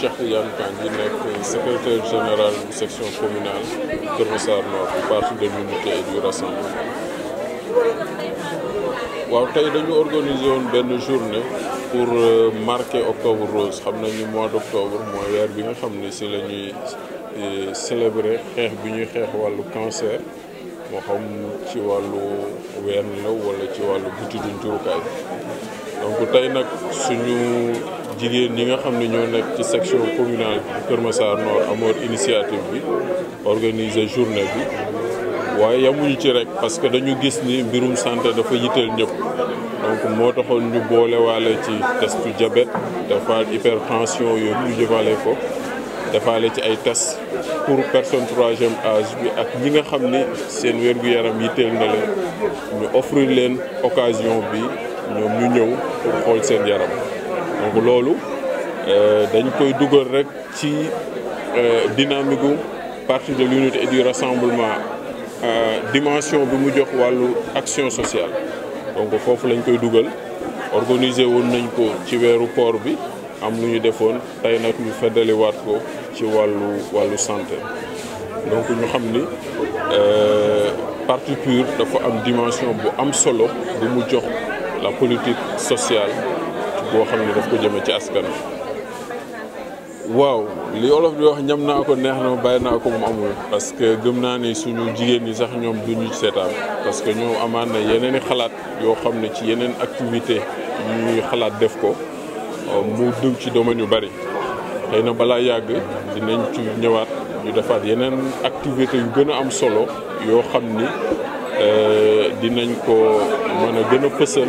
Cheikh Yann Kang yi secrétaire général section communale Kër Massar partie de l'unité et du rassemblement waaw tey dañu organiser woon benn journée pour euh, marquer octobre rose xam nañu mois d'octobre, octobre mooy weer bi nga xam euh, célébrer xeex bi ñuy xeex cancer moo xam ci wàllu ween la wala ci wàllu butitu njurukaay donc tey nag suñu jigéen ñi nga xam ne ñoo nekk ci section communale bu Kër Massar Nord amoon initiative bi organiser journée bi waaye yamuñu ci rek parce que dañu gis ni mbirum santé dafa yitteel ñëpp donc moo taxoon ñu boolewaale ci testu diabète defaat hypertension yooyu ñu jëfale ko defaale ci ay test pour personne troisième âge bi ak ñi nga xam ni seen wér yaram yitteel na leen ñu offrir leen occasion bi ñoom ñu ñëw pour xool seen yaram donc loolu euh, dañ koy dugal rek ci euh, dynamique gu parti de l'unité et du rassemblement euh, dimension bi mu jox walu action sociale donc fofu lañ koy dugal organiser won nañ ko ci wéru port bi am lu ñu defoon tey nag ñu feddaliwaat ko ci wàllu wàllu santé donc ñu xam ni parti PUR dafa am dimension bu am solo bu mu jox la politique sociale boo xam ne daf ko jëme ci askan waaw li olof di wax ñam naa ko neex na bàyyi naa ko mu amul parce que gëm naa ni suñu jigéen ñi sax ñoom duñu seetaan parce que ñoom amaan na yeneen i xalaat yoo xam ne ci yeneen activité ñuy xalaat def ko euh, mu dëw ci domaine yu bari xëy na balaa yàgg dinañ ci ñëwaat ñu defaat yeneen activité yu gën a am solo yoo xam ni euh, dinañ ko mën a gën a pësal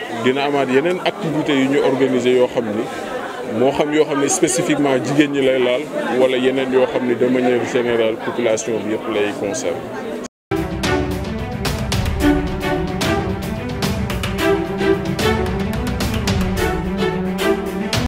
dina amaat yeneen activités yu ñu organiser yoo xam ni moo xam yoo xam ne spécifiquement jigéen ñi lay laal wala yeneen yoo xam ne de manière générale population bi yëpp lay concerner